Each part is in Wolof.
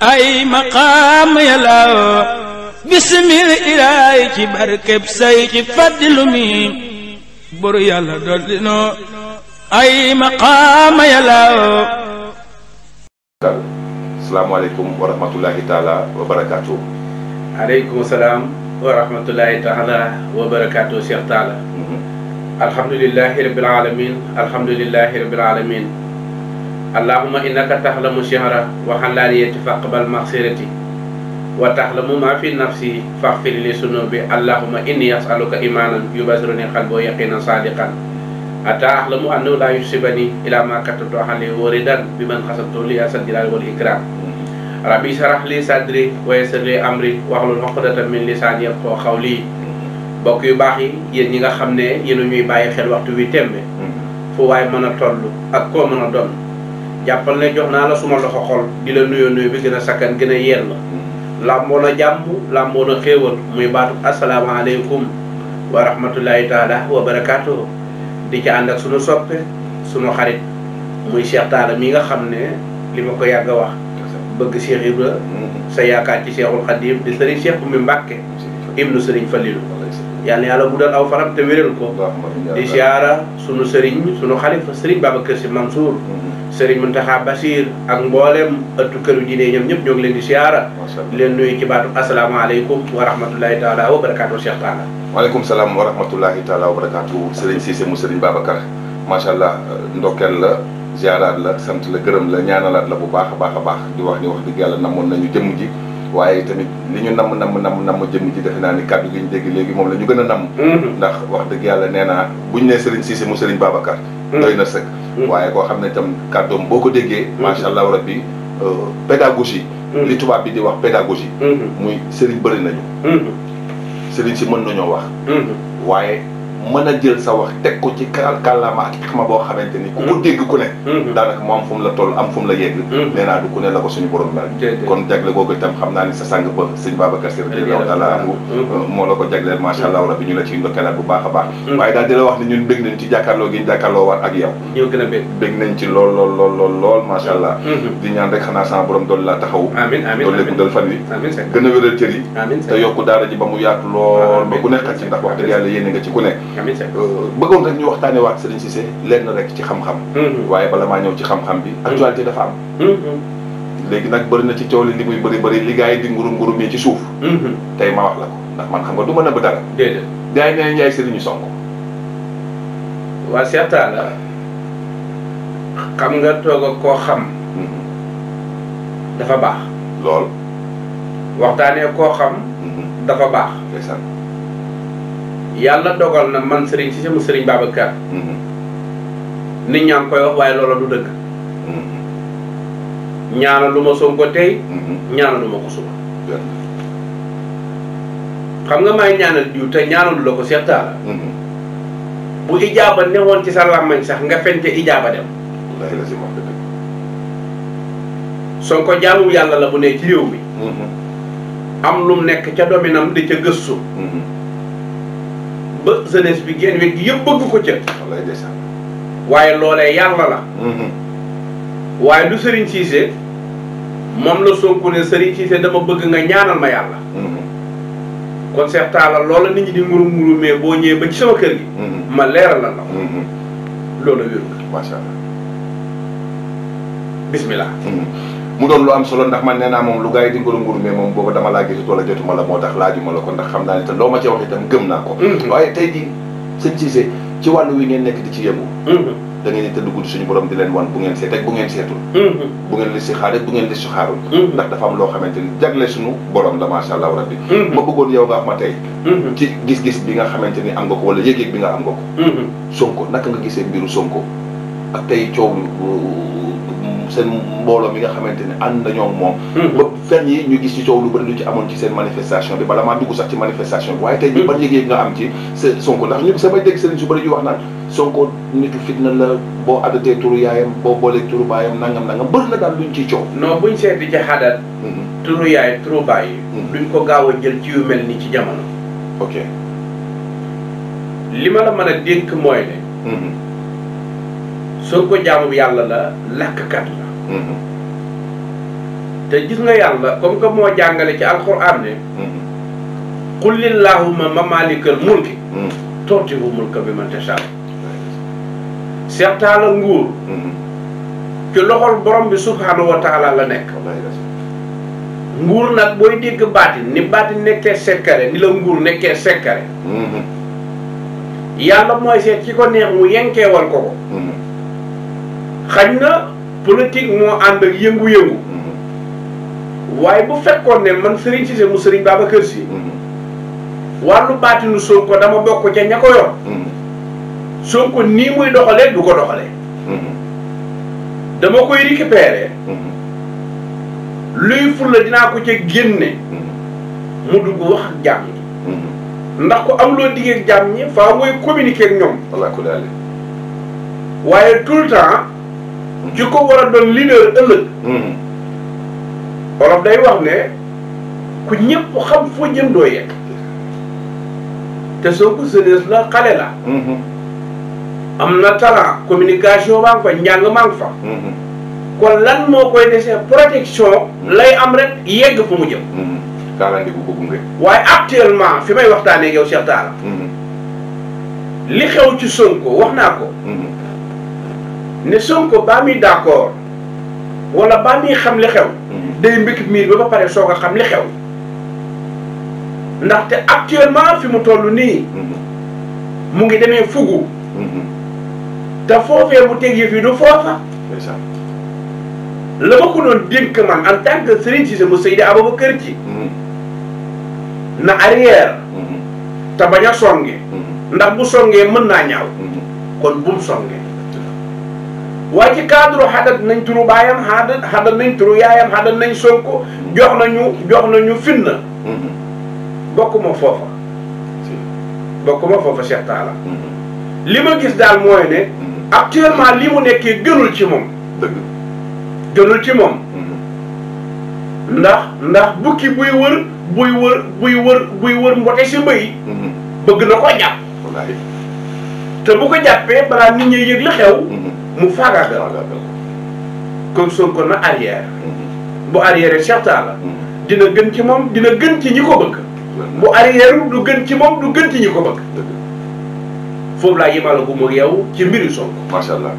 ay maqaam yàllaw bisimil ilaay ci barkeb say ci fàddilu mi bur yàlla dolli noo ay maqaam yàllaw salaamaaleykum wa rahmatullahi taala wa barakaatu aleykum salaam wa rahmatullahi taala wa barakaatu Cheikh Talla mhm. alhamdulilahi rabbil alamin alhamdulilahi rabbil alamin allahuma innaka taxlamu chihra wa xalaaniyati faqbal maxsirati wa taxlamu ma fi nafsi faxfir li sunubi allahuma inni asaluka imanan yubasiruni xalbo yaqinan sadiqan ata axlamu annahu la yusibani ila ma katabtu axali waridan bi man xasabtu li asal jalaal wal ikram rabbi sarax li sadri wa sa li amri waxlul xoqdatan min lisaan yafqo xawli bokk yu baax yi yéen ñi nga xam ne yéen ñuy bàyyi xel waxtu wi tembe mm-hmm. fu a toll ak jàppal ne jox naa la suma loxo xol di la nuyoo nuyoo bi gën a sakkan gën a yell làmboo na jàmm làmboo na xéewal muy baatu asalaamaaleykum wa rahmatullahi taala wa barakaatuhu di ca ànd ak sunu soppe sunu xarit muy Cheikh Talla mi nga xam ne li ma ko yàgg a wax bëgg Cheikh Ibra mm-hmm. sa yaakaar ci Cheikhul Khadim di sëriñ Cheikh mi Mbàkke ibnu sëriñ Falilu yàlla na yàlla guddal aw faram te wéral ko di sunu sëriñ sunu xalifa sëriñ Babacar Sy Mansour mm-hmm. sëriñ Muntaxa Basiir ak mboolem ëttu ñii ne ñoom ñëpp ñoo leen di siyaara di leen nuyu ci baatu asalaamaaleykum wa rahmatullahi taala wa barakaatu Cheikh Talla waaleykum salaam wa rahmatullahi taala wa barakaatu sëriñ Cissé mu sëriñ Babacar macha allah ndokkeel la ziaraat la sant la gërëm la ñaanalaat la bu baax a baax a baax di wax ni wax dëgg yàlla namoon ji waaye tamit li ñu namm namm namm namm jëm ci defe naa ni kàddu gi ñu dégg léegi moom la ñu gën a namm mm-hmm. ndax wax dëgg yàlla nee naa buñ ne Serigne Cissé mu Serigne Babacar mm-hmm. doy na sëkk mm-hmm. waaye koo xam ne tam kàddoom boo ko déggee macha allah rabbi euh, pédagogie li tubaab bi di wax pédagogie muy Serigne bëri nañu Serigne si mën nañoo wax waaye mën a jël sa wax teg ko ci kàllaama ak xikma boo xamante ni ku ko mm-hmm. dégg ku ne mm-hmm. daanaka mu am fu la toll am fu la yegg mm-hmm. nee naa du ku ne la ko suñu borom mel kon jagle googu itam xam naa ni sa sang ba sëñ ko jagleel macha allah rabbi ñu la ciy ndokkalaat bu baax a baax waaye ci jàkkaarloo gi jàkkaarloo a bég bég nañ ci lool lool lool lool lool macha allah di ñaan rek xanaa sama borom doon la taxaw amiin amiin doon la guddal gën a wéral cër yi te yokku daara ji ba mu yaatu lool ba ku nekk ci ndax wax dëgg yàlla yéene nga ci ku nekk amiin euh, bëggoon rek ñu waxtaanee waat si Cissé lenn rek ci xam-xam. Mm-hmm. waaye bala maa ñëw ci xam-xam bi. Mm-hmm. actualité dafa am. Mm-hmm. léegi nag bëri na ci coow li li muy bëri bëri li gars yi di nguru nguru mii ci suuf. tey ma wax la ko ndax man xam nga du ma nëbb dara. déedéet gars yi nee yaay Serigne Sonko. waa seetaan la xam nga toog koo xam. dafa baax. lool. waxtaanee koo xam. dafa baax. yàlla dogal na man sëriñ si sama sëriñ Babacar mm-hmm. nit ñaa koy wax waaye loola du dëgg mm-hmm. ñaana lu ma Sonko tey mm-hmm. ñaana lu ma ko suba xam nga maay ñaanal diw te ñaanalu la ko Seex Taala bu ijaaba newoon ci sa làmmañ sax nga fente ijaaba dem ko jaamu yàlla la bu ne ci réew mi am lum nekk ca dominam di ca gëstu ba jeunesse bi génn wet gi yëpp bëgg ko ca waaye loolee yàlla la mm-hmm. waaye lu sëriñ Cissé moom la Sonko ne Serigne Cissé dama bëgg nga ñaanal ma yàlla mm-hmm. kon Seex loola nit ñi di muru muru boo ñëwee ba ci sama kër gi mm-hmm. ma leeral la la loolu wér nga macha allah bismillah mu doon lu am solo ndax man nee naa moom lu gars yi di ngoro nguru mais moom booba dama laa gisut wala jotuma la moo tax laajuma la ko ndax xam naa ne te loo ma ci wax itam gëm naa ko mm-hmm. waaye tey nekk mm-hmm. da ngeen suñu borom di leen wan bu ngeen seet ak bu ngeen seetul mm-hmm. bu ngeen li si xaar bu ngeen li si xaarul ndax dafa am loo xamante ni jagle suñu borom la macha allah rabbi ma bëggoon yow nga wax ma tey ci gis-gis bi nga xamante ni am nga ko wala yëg-yëg ko sonko naka nga seen mbooloo mi nga xamante ne ànd nañoo moom hmm. ba fen yi ñu gis ci coow lu bëri lu ci amoon ci seen manifestation bi bala maa dugg sax ci manifestation bi waaye tey ñu hmm. ban yëg-yëg nga am ci Sonko ndax ñu samay dégg sëriñ su bëri yu wax naan Sonko nitu fitna la boo addatee turu yaayam boo boolee turu baayam nangam nangam bëri na daal luñ ciy coow non buñ seet di ci xadat hmm. turu yaay turu baay ko gaaw a jël ci yu mel ni ci jamono ok li ma la mën a soo ko jaamu yàlla la làkkat la mm-hmm. te gis nga yàlla comme que moo jàngale ci alxuraan ne mm-hmm. qul lillaahumma mamaalikal mulki mm-hmm. tuutil mulka bi man tashaa seetaala nguur ci loxol borom bi subhaanahu wa taala la nekk nguur nag booy dégg baatin ni baatin nekkee sekkare ni la nguur nekkee sekkare yàlla mooy seet ci ko neex mu yenkeewal ko ko xañ na politique moo ànd ak yëngu-yëngu mm-hmm. waaye bu fekkoon ne man Serigne Cissé mu Serigne Babacar Sy mm-hmm. wàllu baatinu Sonko dama bokk ca ña ko yor mm-hmm. Sonko nii muy doxalee du ko doxalee dama koy récupérer luy fulla dinaa ko ca génne mu dugg wax jàmm ndax ko am loo diggee ak jàmm ñi faaw mooy communiquer ñoom waaye tout le temps ki ko war a doon leader ëllëg. borom hmm. day wax ne ku ñëpp xam foo jëm doo yegg te soo ko la xale la. Hmm. am na talent communication maa ngi fa njàng maa ngi fa. Hmm. kon lan moo koy desee protection lay am rek yegg fu mu jëm. kaalandi bu ko gunge. waaye actuellement fi may waxtaanee yow Cheikh Talla. li xew ci Sonko wax naa ko. ne Sonko baa muy d'accord wala baa muy xam li xew. Mhm. day mbëkk miir ba ba pare soog a xam li xew. ndaxte actuellement fi mu toll nii. Mhm. mu ngi demee fugu. Mhm. te foofee bu teg yëf yi du foofa. la ma ko man en tant que Serigne Cissé mu Seydi Ababacar ji. na arrière. te bañ a songe. ndax bu songee mën naa ñaaw. kon bum songe. waaye ci cadre xadat nañ turu baayam xadat xadat nañ turu yaayam xadat nañ Sonko jox nañu jox nañu fitna mm-hmm. bokkuma foofa bokkuma foofa Cheikh mm-hmm. li ma gis daal mooy ne mm-hmm. actuellement li mu nekkee gënul ci moom dëgg gënul ci moom ndax ndax bukki buy wër buy wër buy wër buy wër mbote si mbay bëgg na ko jàpp te bu ko jàppee balaa nit ñi yëg li xew mu faagaagal kon Sonko na arrière mm-hmm. bu arrière Cheikh Talla mm-hmm. dina gën ci moom dina gën ci ñi ko bëgg mm-hmm. bu arrière du gën ci moom lu gën ci ñi ko bëgg foofu laa yemale bu mag yow ci mbiru Sonko macha allah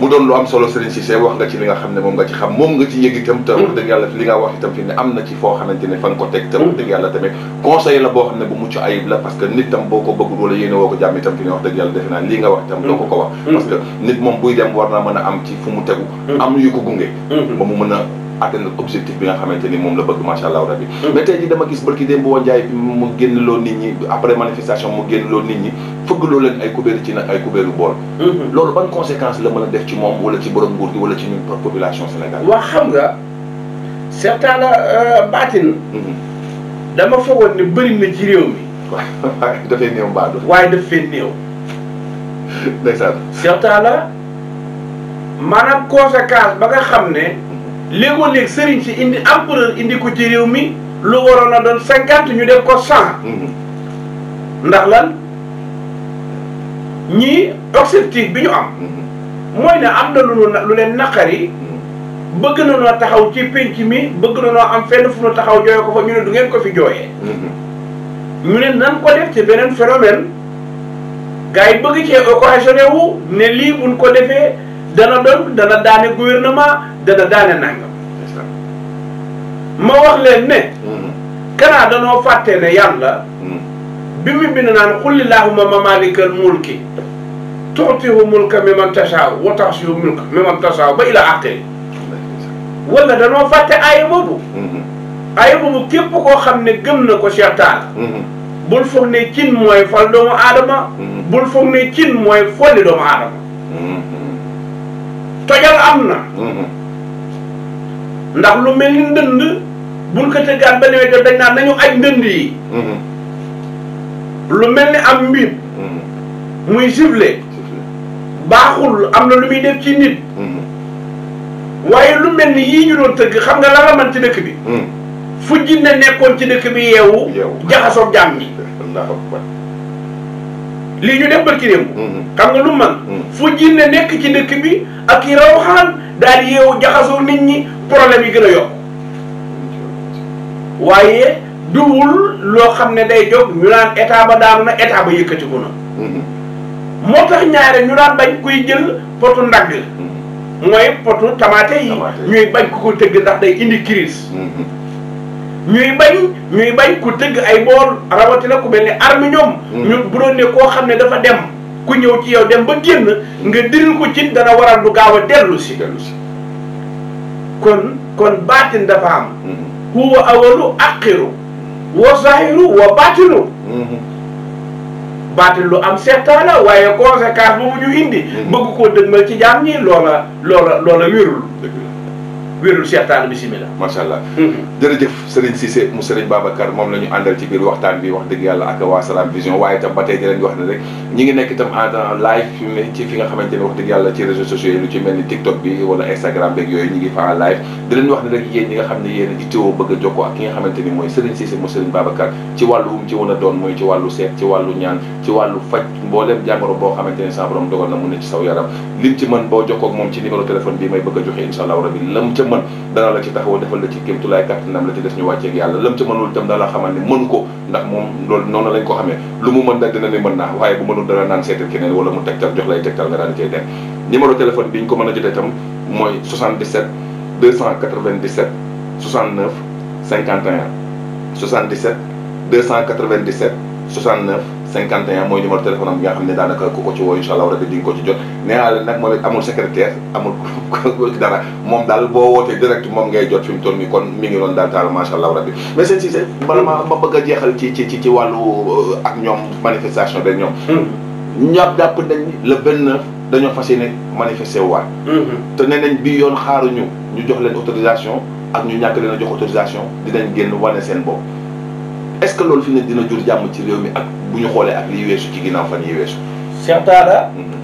mu doon lu am solo Serigne Cissé wax nga ci li nga xam ne moom nga ci xam moom nga ci yëg itam te dëgg yàlla li nga wax itam fi ne am na ci foo xamante ne fa nga ko teg te wax dëgg yàlla tamit conseil la boo xam ne bu mucc ayib la parce que nit tam boo ko bëggul wala yéene woo ko jàmm itam fi ne wax dëgg yàlla defe naa lii nga wax itam doo ko ko wax mm-hmm. parce que nit moom buy dem war naa mën a am ci fu mu tegu mm-hmm. am yu ko gunge mm-hmm. ba mu mën a atteindre objectif bi nga xamante ni moom la bëgg macha allah rabi. Mm. mais tey jii dama gis barki démb boo njaay mu génn loo nit ñi après manifestation mu génn loo nit ñi fëgg loo leen ay kubéeru ci nag ay kubéeru bool. Mm-hmm. loolu ban conséquence la mën a def ci moom wala ci borom nguur gi wala ci ñun population Sénégal. waaw xam nga seetaan euh, baatin. Mm-hmm. dama foogoon ne bëri na ci réew mi. dafay néew mbaa waaye daf fee néew. ndeysaan. seetaan la maanaam conséquence ba nga xam ne. léegoo léeg sëriñ si indi empereur indi ko ci réew mi lu waroon a doon cinquante ñu def ko cent. Mm-hmm. ndax lan ñii objectif bi ñu am. Mm-hmm. mooy ne am na lu lu leen naqari. Mm-hmm. bëgg na noo taxaw ci pénc mi bëgg na noo am fenn fu nu taxaw jooyee ko fa ñu ne du ngeen ko fi jooyee. ñu ne nan ko def ci beneen phénomène gars yi bëgg cee occasionné wu ne lii buñ ko defee dana doon dana daane gouvernement. dana daane nangam. ma wax leen ne. kanaa danoo fàtte ne yàlla. bi mu bind naan xulli laahuma ma maalikal mulki. tuxtihu mulka mi man tashaaw wa mulka mi man tashaaw ba ila axtee. wala danoo fàtte aaya boobu. aaya boobu képp koo xam ne gëm na ko Cheikh bul foog ne cin mooy fal doomu aadama. bul foog ne cin mooy folli doomu aadama. Mm-hmm. tojal am na. Mm-hmm. ndax lu mel ni ndënd buñ ko tëggaat ba nawet bi dañ naan nañu aj ndënd yi. Mm-hmm. lu mel ni am mbiib. Mm-hmm. muy sifflé. baaxul am na lu muy def ci nit. Mm-hmm. waaye lu mel ni yii ñu doon tëgg xam nga la la man ci dëkk bi. fu jinne nekkoon ci dëkk bi yeewu. jaxasoo jàmm yi. lii ñu def barki démb mm-hmm. xam nga lu man mm-hmm. fu jinne nekk ci dëkk bi ak i rawxaan daal yeewu jaxasoo nit ñi problème yi gën a yokk waaye duwul loo xam ne day jóg ñu naan état ba daanu na état ba yëkkatiku na mm-hmm. moo tax ñaare ñu daan bañ kuy jël potu ndagg mooy potu tamaate yi ñuy bañ ku ko tëgg ndax day indi crise ñuy bañ ñuy bay ku tëgg ay bool rawatina ku benn ne armi mm. ñu bu doon ne koo xam ne dafa dem ku ñëw ci yaw dem ba génn nga diril ko ci dana waral lu gaaw a dellu si. dellu si kon kon baatin dafa am. Mm-hmm. huwa awalu aqiru wa zahiru wa baatinu. Mm-hmm. baatin lu am seetaan la waaye conséquence boobu ñu indi. Mm-hmm. bëgg koo dëgmal ci jaam ñi loola loola loola wérul. wérul Cheikh Tall bisimilah. macha allah. Hmm. jërëjëf Serigne Cissé mu Serigne Babacar moom la àndal ci biir waxtaan bi wax dëgg yàlla ak waa Salam Vision waaye itam ba tey di leen wax ne rek ñi ngi nekk itam en live fi nga xamante wax dëgg yàlla ci réseaux sociaux yi lu ci mel ni TikTok bi wala Instagram beeg yooyu ñi ngi fa en live di leen wax ne rek yéen ñi nga xam ne yéen a ittoo bëgg a jokkoo ak ki nga xamante mooy Serigne Cissé mu Serigne Babacar ci wàllu mu ci a doon mooy ci boo xamante ne sa borom dogal na boo jokkoo ak moom ci numéro téléphone bi man dana la ci taxaw defal la ci kéemtulaay kàttanam la ci des ñu wàcceeg yàlla lam ci mënul itam dana la xamal ni mën ko ndax moom loolu noonu lañ ko xamee lu mu mën da dina ne mën naa waaye bu mënul dana naan seetal keneen wala mu tegtal jox lay tegtal nga daan cay dem numéro téléphone bi ñu ko mën a jotee itam mooy 77 297 69 51 77 297 69 51 mooy numéro téléphone am bi nga xam ne daanaka ku ko ci woo incha allah rabi di nga ko ci jot nee naa leen nag moo leen amul secrétaire amul dara moom daal boo wootee direct moom ngay jot fi mu toll nii kon mi ngi doon daal taal macha allah rabi mais seen Cissé bala ma bëgg a jeexal ci ci ci wàllu euh, ak ñoom manifestation de ñoom hmm. ñàpp jàpp nañ le benn dañoo fas yéene manifesté waat hmm. te nee nañ bi yoon xaaruñu ñu jox leen autorisation ak ñu ñàkk leen a jox autorisation dinañ génn wane seen bopp est-ce que loolu fi ne dina jur jàmm ci réew mi ak bu ñu xoolee ak liy weesu ci ginnaaw fan yi weesu. Cheikh Talla. Mhm.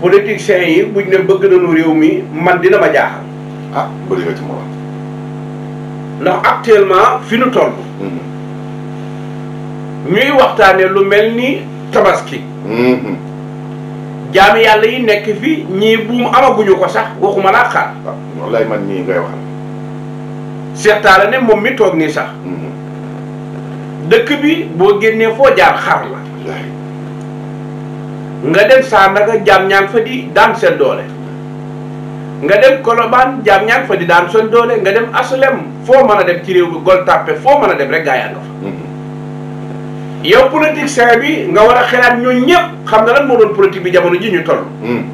politiciens yi buñ ne bëgg nañu réew mi man dina ma jaaxal. ah bëri nga ci ma ndax actuellement fi nu toll. Mhm. ñuy waxtaanee lu mel ni tabaski. Mhm. jaami yàlla yi nekk fi ñii buum amaguñu ko sax waxuma laa xaar. Ah, wallaay man ñii ngay waxal. Cheikh Talla ne moom mi toog nii sax. dëkk bi boo génnee foo jaar xar la nga dem Sandaga jaam ñaa ngi fa di daan seen doole nga dem Colobane jaam ñaa ngi fa di daan seen doole nga dem aslem foo mën a dem ci réew bi gol tàppe foo man a dem rek gaa yaa nga fa mhm. yow politicien bi nga war a xelaat ñooñu ñëpp xam nga lan moo doon politique bi jamono ji ñu toll mhm.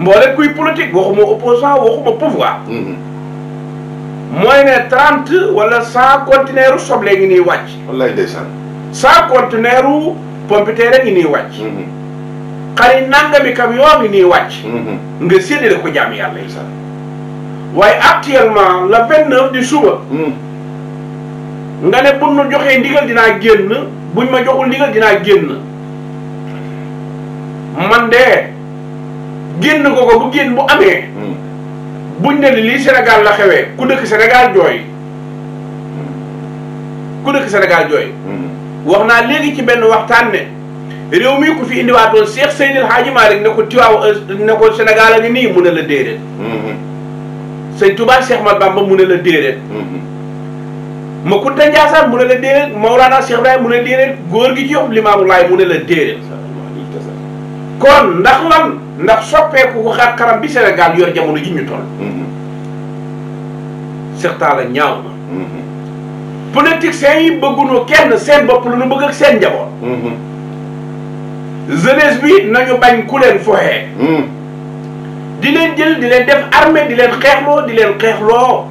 mbooleem kuy politique waxuma opposant waxuma pouvoir mhm. mooy ne trente wala cent conteneur soble ngi nii wàcc. wallaay ndeysaan. cent conteneur u pompiteer ngi nii wàcc. Mm-hmm. xari nangami camion ngi nii wàcc. Mm-hmm. nga séddale ko jàmm yàlla yi. waaye actuellement la vingt neuf di suba. Mm. nga ne buñ ma joxee ndigal dinaa génn buñ ma joxul ndigal dinaa génn man de génn ko ko bu génn bu amee. Mm. buñ ne ni lii Sénégal la xewee ku dëkk senegal jooy ku dëkk hmm. wax naa léegi ci benn waxtaan ne réew mi ku fi indiwaatoon Cheikh Seydil Hadji Malick ne ko tiwaaw ne ko Sénégal a ngi nii mu ne la déedéet hmm. sëñ Touba Cheikh Mat Bamba mu ne la déedéet hmm. ma kunta Njaasaan mu ne la déedéet Maolana Cheikh Ibrahim mu ne déedéet góor gi ci yox Limaamu Laay mu ne la déedéet kon ndax lan ndax soppeeku ko xaar karam bi Sénégal yor jamono ji ñu toll. Mhm. seqtaa la ñaaw na. Mhm. politiciens yi bëgguñu kenn seen bopp lu nu bëgg ak seen njaboot. Mhm. jeunesse bi nañu bañ ku leen foxee. di leen jël di leen def armée di leen xeexloo di leen xeexloo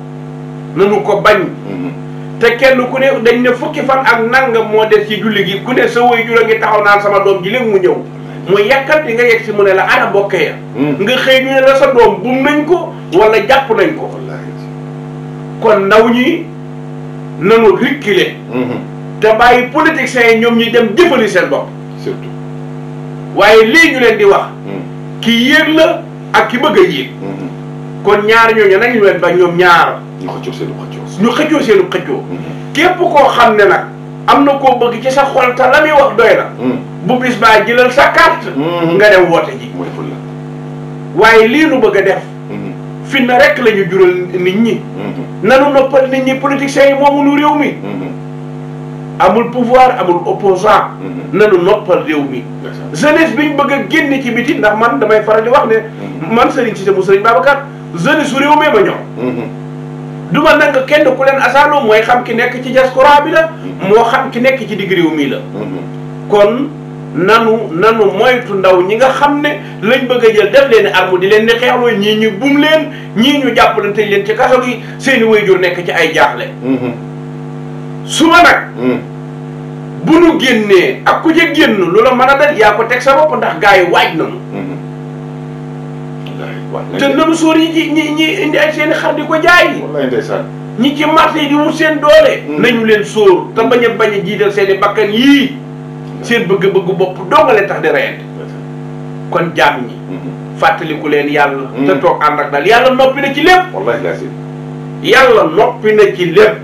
nañu ko bañ. te kenn ku ne dañ ne fukki fan ak nangam moo des ci julli gi ku ne sa waajur a ngi taxaw naan sama doom ji léegi mu ñëw. mu yàkkat yi nga yegg si mu na la ana mbokk ya hmm. nga xëy ñu ne la sa doom bum nañ ko wala jàpp nañ ko kon ndaw ñi nanu reculer hmm. te bàyyi politiciens yi ñoom ñi dem jëfali seen bopp surtout waaye lii ñu leen di wax hmm. ki yéeg la ak ki bëgg a yéeg kon ñaar ñooñu nañu leen ba ñoom ñaar ñu xëccoo seen xëccoo ñu xëccoo seen xëccoo képp koo xam ne nag am na koo bëgg ci sa xol te la wax doy la. Hmm. bu bis baa jëlal sa carte. Hmm. nga dem woote ji. waaye lii nu bëgg a def. Hmm. fitna rek la ñu jural nit ñi. nanu noppal nit ñi politiciens yi moomu nu réew mi. amul pouvoir amul opposant nanu noppal réew mi. jeunesse bi ñu bëgg a génn ci biti ndax man damay faral di wax ne. man Serigne Cissé mu Serigne Babacar jeunesse su réew mee ma ñor. du ma nangu kenn ku leen asaaloo mooy xam ki nekk ci diaspora bi la moo xam ki nekk ci diggu réew mi la kon nanu nanu moytu ndaw ñi nga xam ne lañ bëgg a jël def leen armu di leen ne xeexloo ñii ñu bum leen ñii ñu jàppale tëj leen ci kaso yi seeni waajur nekk ci ay jaaxle suba nag bu nu génnee ak ku ca génn lu la mën a def yaa ko teg sa bopp ndax gars yi waaj nañu te nanu sóor yi ci ñi ñi indi ay seen xar di ko jaay. wallaay ñi ci marché yi di wut seen doole. Hmm. nañu leen sóor te bañ a bañ a jiital seen i bakkan yii. Hmm. seen bëgg-bëgg bopp dongale tax di reyante. Hmm. kon jaam ñi. fàttaliku leen yàlla. te toog ànd ak daal yàlla noppi na ci lépp. wallaay ndeysaan. yàlla noppi na ci lépp.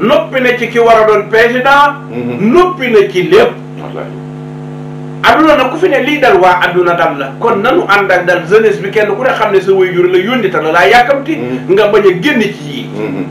noppi na ci ki war a doon président. noppi na ci lépp. adduna nag ku fi ne lii dal waa adduna dal la kon nanu ànd ak dal jeunesse bi kenn ku ne xam ne sa waajur la yónni ta la laa yàkkamti mm-hmm. nga bañ a génn ci yii mm-hmm.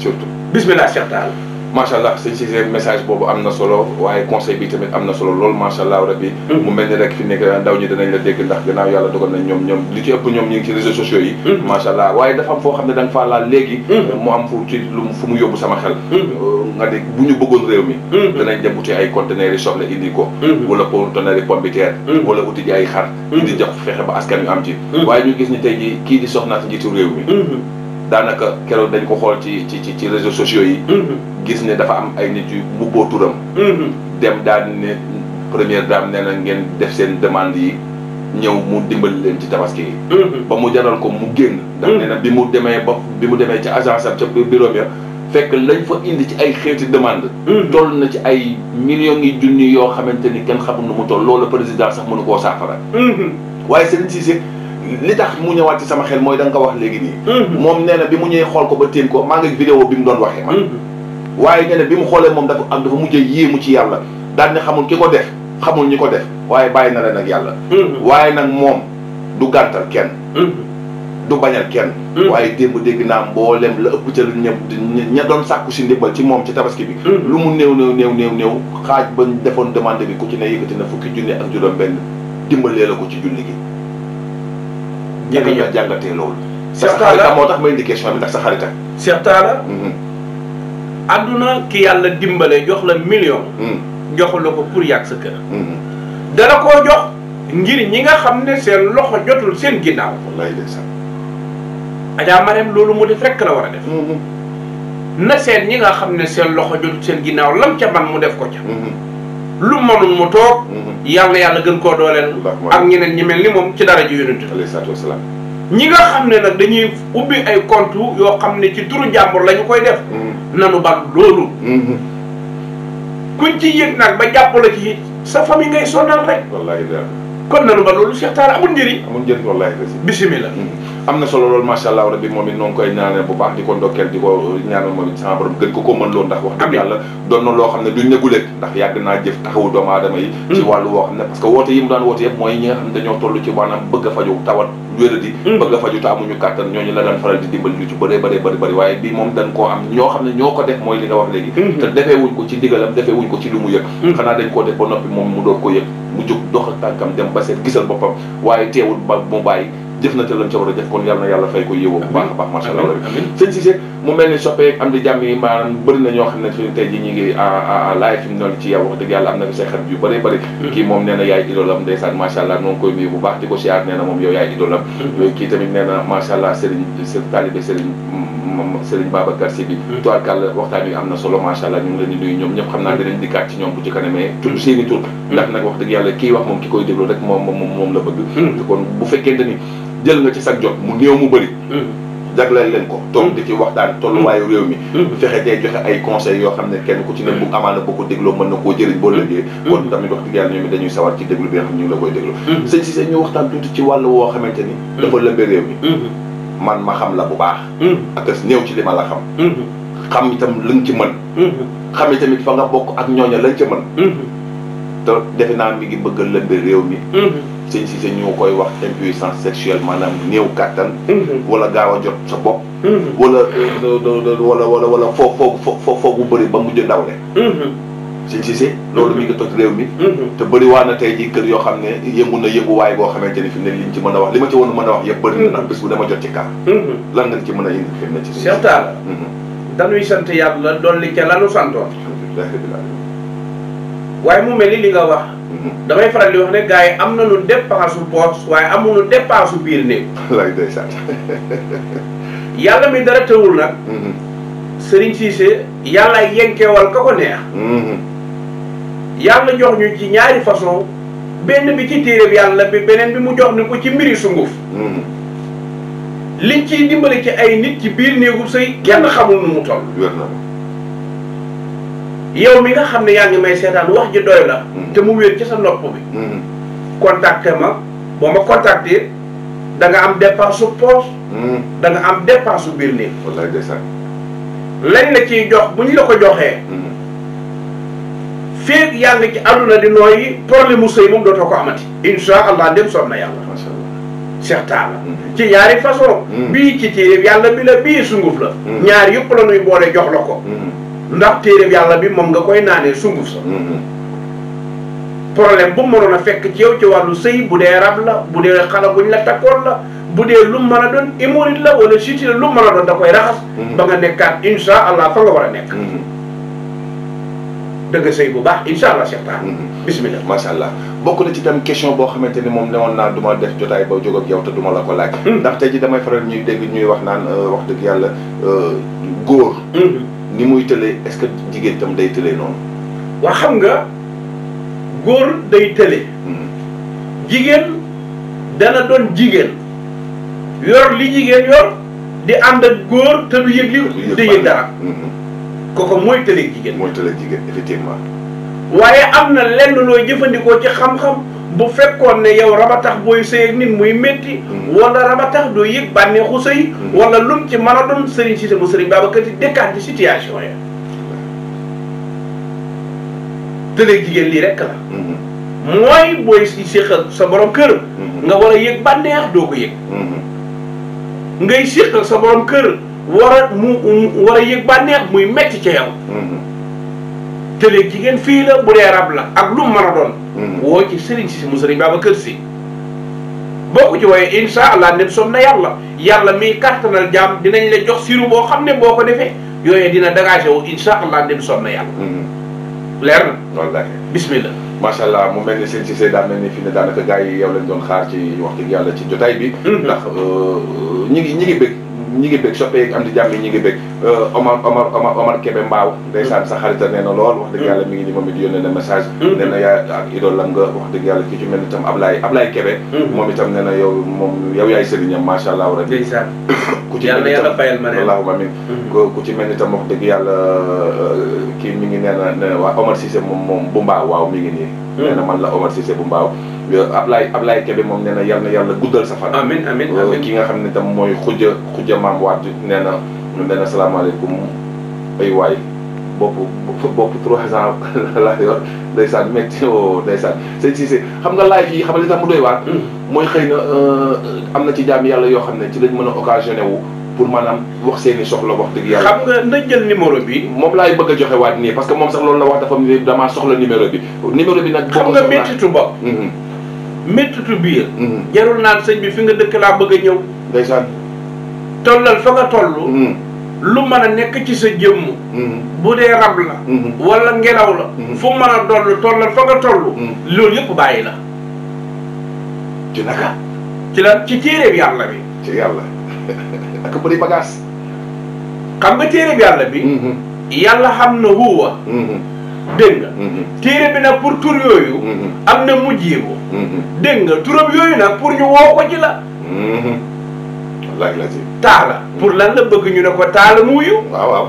surtout bismillah Cheikh Tall macha allah sëñ Cissé message boobu am na solo waaye conseil bi tamit am na solo loolu macha allah rabbi hmm. mu mel ni rek fi nekk ndaw ñi danañ la dégg ndax gannaaw yàlla dogal nañ ñoom ñoom li ci ëpp ñoom ñi ci réseaux sociaux yi hmm. macha allah waaye dafa am foo xam ne da nga laal léegi hmm. mu am fu ci lu fu mu yóbbu sama xel euh, nga ne bu ñu bëggoon réew mi danañ dem uti ay conteneurs yi soble indi ko wala conteneurs yi pombiteer wala uti ji ay xar fexe ba askan yu am ci waaye ñu gis ni tey ji kii di soxnaat njiitu réew mi daanaka keroog dañ ko xool ci ci ci réseaux sociaux yi. Mm-hmm. gis ne dafa am ay nit yu mbubboo turam. Mm-hmm. dem daal ne première dame nee na ngeen def seen demande yi ñëw mu dimbali leen ci tabaski yi. Mm-hmm. ba mu jaral ko mu génn. ndax nee bi mu demee ba bi mu demee ci agence am ca bureau bi fekk lañ fa indi ci ay xeeti demande toll na ci ay millions yi junni yoo xamante ni kenn xamul nu mu toll loolu président sax mënu koo saafara. waaye Serigne Cissé. li tax mu ñëwaat ci sama xel mooy da nga ko wax léegi nii. Mm-hmm. moom nee na bi mu ñëwee xool ko ba téen ko maa ngi vidéo bi mu doon waxee man. Mm-hmm. waaye nee na bi mu xoolee moom dafa am dafa mujjee yéemu ci yàlla daal ne xamul ki ko def xamul ñi ko def waaye bàyyi na leen ak yàlla. Mm-hmm. waaye nag moom du gàntal kenn. du bañal kenn. waaye démb dégg naa mboolem la ëpp ca ña ña doon sàkku si ndimbal ci moom ci tabaski bi. lu mu néew néew néew néew xaaj ba defoon demande bi ku ci ne yëkkati na fukki junne ak juróom-benn dimbalee la ko ci julli gi. jërëjëf nga jàngatee loolu. Cheikh Talla moo tax may indi question bi ndax sa xarita. Cheikh Talla. Mhm. ki yàlla dimbale jox la million. Mhm. joxu la ko pour yàgg sa kër. Mhm. dala koo jox ngir ñi nga xam ne seen loxo jotul seen ginnaaw. wallaay ndeysaan. Adja Marème loolu mu def rek la war a def. na seen ñi nga xam ne seen loxo jotul seen ginnaaw lam ca man mu def ko ca. lu mënul mu toog mhm. yàlla yàlla gën koo dooleel ak ñeneen ñi mel ni moom ci dara ji yonent alayhi salaatu wasalaam ñi nga xam ne nag dañuy ubbi ay compte yoo xam ne ci turu jàmbur la ñu koy def mhm. nanu ba loolu mhm. kuñ ci yëg nag ba jàpp la ci sa famille ngay sonal rek kon nanu bal loolu Cheikh Talla amul njëriñ amul njëriñ wallaay bisimila am na solo loolu macha allah rabbi moom it noo koy ñaanal bu baax di ko ndokkeel di ko ñaanal moom it sama gën ko ko mën loo ndax wax dëgg yàlla doon na loo xam ne duñ neguleet ndax yàgg naa jëf taxawu doomu aadama yi ci hmm. wàllu woo xam ne parce que woote yi mu daan woote yëpp mooy ñi nga xam ne hmm. ñu ci bëree bëree bëri bëri waaye am ñoo ne ñoo ko def mooy li nga wax léegi hmm. te defee wuñ ko ci ndigalam defee wuñ ko ci lu mu yëg xanaa dañ koo def ba noppi moom mu doog ko yëg mu jóg dox ak tànkam dem ba seet gisal boppam waaye teewul ba jëf na ca lañ ca war a jëf kon ko a baax macha allah mu mel ni soppeek am di jàmm yi maanaam bëri na ñoo xam ne suñu tey ji ñu ngi laay fi mu noonu ci yow wax dëgg yàlla am na fi say xarit yu mm-hmm. moom nee na yaay idoolam ndeysaan macha allah noonu koy nuyu bu baax di ko siyaar nee na moom yow yaay idoolam mm-hmm. kii tamit nee na allah sëriñ taalibe sëriñ mm, mm, sëriñ Babacar Sy bi mm-hmm. waxtaan yi am na solo macha allah ñu ngi leen di nuyu ñoom ñëpp xam naa dinañ dikkaat ci ñoom bu ci kanamee tudd seeni tur ndax nag wax dëgg yàlla kii wax moom ki koy moom moom jël nga ci sag jot mu néew mu bëri hmm. jagleel leen ko toog hmm. di ci waxtaan tollu hmm. tolluwaayu réew mi fexe tey joxe ay conseils yoo xam ne kenn ku ci ne bu amaana boo ko dégloo mën na koo jëriñ boo lëggee kon tamit wax dëgg yàlla ñoom dañuy sawar ci déglu bi nga xam ñu ngi la koy déglu sëñ si seen waxtaan tuuti ci wàll woo xamante ni dafa lëmbe réew mi man ma xam la bu baax akas néew ci li ma la xam xam itam lañ ci mën xam itamit fa nga bokk ak ñooña lañ ci mën te defe naa mi ngi bëgg a lëmbe réew mi sëñ si ñu koy wax impuissance sexuelle maanaam néew kàttan mhm. wala gaaw a jot sa bopp mhm. euh, wala wala wala wala foo foo foo foo bu bëri ba mujj dawle mhm. sëñ Cissé loolu mi ngi toj réew mi te bëri waa na tey ji kër yoo xam ne yëngu na yënguwaay boo te ni fi ne liñ ci mën a wax li ma ci woon mën a wax yëpp bëri na nag bés bu dama jot ci kaa lan nga ci mën a indi fi na ci Cheikh Talla dañuy sant yàlla dolli ca lanu santoon waaye mu mel ni li nga wax damay faral di wax ne gars yi am nañu dépense poos waaye amuñu dépense biir néeg. biir ndeysaan. yàlla mi dara tëwul nag. Mm-hmm. Serigne Cissé yàlla yenkeewal ka ko neex. Mm-hmm. yàlla jox ñu ci ñaari façon benn bi ci téereb yàlla bi beneen bi mu jox ni ko ci mbiri sunguf mm-hmm. liñ ciy dimbali ci ay nit ci biir néegu sëy kenn xamul nu mu toll. yow mi nga xam ne yaa ngi may seetaan wax ji doy la. Mm. te mu wér ci sa nopp bi. Mm. contacté ma boo ma contacté da nga am dépense su poche. Mm. da am dépense su biir nii. wallaay ndeysaan. lañ la ciy jox bu ñu la ko joxee. feeg yaa ngi ci àdduna di nooyi problème mu sëy moom dootoo ko amati. incha allah dem soob na yàlla. macha allah Cheikh Talla ci ñaari façon. bii ci ci yàlla bi la bii sunguf la. ñaar yëpp la nuy boole jox la ko. ndax téereb yàlla bi moom nga koy naanee sunguf sa mm-hmm. problème bu mënoon a fekk ci yow ci wàllu sëy bu dee rab la bu dee xala buñ la takkoon la bu dee lu mën a doon hémorroïde la wala chute la lu mën a doon da koy raxas mm-hmm. ba nga nekkaat insha allah fa nga war a nekk mm-hmm. dëgg sëy bu baax insha allah Cheikh bismillah macha allah bokk na ci tam question boo xamante ni moom newoon naa du def jotaay ba jóg ak yow te duma la ko laaj ndax te ji damay faral ñuy dégg ñuy wax naan euh, wax dëgg yàlla euh, ni muy tëlee est-ce que jigéen tam day tëlee noonu. waa xam nga góor day tëlee. Hmm. jigéen dana doon jigéen yor li jigéen yor di ànd ak góor te du yëg li di yëg dara. Hmm. kooku mooy tëlee jigéen. mooy tëlee jigéen effectivement. waaye am na lenn looy jëfandikoo ci xam-xam. bu fekkoon ne yow raba tax booy sëy ak nit muy métti mm. wala raba tax doo yëg bànneexu sëy mm. wala lum ci mën a doon sëriñ Cissé bu sëriñ Babacar Sy décanté situation ya tëleeg jigéen lii rekk la mm-hmm. mooy booy si séq ak sa borom kër mm-hmm. nga war a yëg bànneex doo ko yëg mm-hmm. ngay séq ak sa borom kër war a mu war a yëg bànneex muy metti ca yow tëlee jigéen fii la bu dee rab la ak lu mu mën a doon. Hmm. woo ci Serigne si mu Serigne Babacar Sy. boo ko ci wooyee incha allah ne som na yàlla yàlla miy kàttanal jaam dinañ la jox siru boo xam ne boo ko defee yooyu dina dégagé wu incha allah ne som na yàlla. Hmm. leer na. wallaahi bismillah. macha allah mu mel ni seen Cissé daa mel ni fi ne daanaka gars yi yow lañ doon xaar ci wax dëgg yàlla ci jotaay bi. Hmm. ndax euh, ñi ngi ñi ngi bëgg. ñi ngi bëgg soppe yeeg am di jàmm yi ñi ngi bëgg euh, Omar Omar Omar Omar Kébé Mbaaw ndeysaan sa xarita nee na lool wax dëgg hmm. yàlla mi ngi ni moom it yónnee na message hmm. nee na yaa ak idole lam nga wax dëgg hmm. na yow moom yow yaay sëriñam macha allah rabbi ku ci mel itam allahuma euh, amin ku ngi na nee na waa Omar Cissé moom moom bu mbaaw waaw mi ngi nii nee na man la Omar Cissé bu mbaaw Ablaye Ablaye Kébé moom nee yàlla yàlla guddal sa fan euh, ki nga xam ne tam mooy xujja ca maam waat nee na nee na salaamaaleykum ay waay bopp bopp trois ans laa yor ndeysaan métti woo oh, ndeysaan sëñ Cissé xam nga live yi xam li tax mu doy waar hmm. mooy xëy na euh, am na ci jaam yàlla yoo xam ne ci lañ mën a occasionné wu pour maanaam wax seeni soxla wax dëgg yàlla. xam nga na jël numéro bi. moom laay bëgg a joxe waat nii parce que moom sax loolu la wax dafa ni damaa soxla numéro bi. numéro bi nag. xam nga méttitu bopp. méttitu mm-hmm. biir. Mm-hmm. jarul naan sëñ bi fi nga dëkk laa bëgg a ñëw. ndeysaan. tollal fa nga toll mm. lu mën a nekk ci sa jëmm mm. bu dee rab la mm. wala ngelaw la fu mën a doll tollal fa nga toll loolu yëpp bàyyi la ci naka ci la ci téere bi yàlla bi ci yàlla ak bëri bagage xam nga téere bi yàlla bi mm-hmm. yàlla xam na huwa mm-hmm. dégg nga mm-hmm. bi nag pour tur yooyu am na mujjee ko dégg nga turam yooyu nag pour ñu woo ko ci la wallaay Latif taala pour lan la bëgg ñu ne ko taala muuyu waaw waaw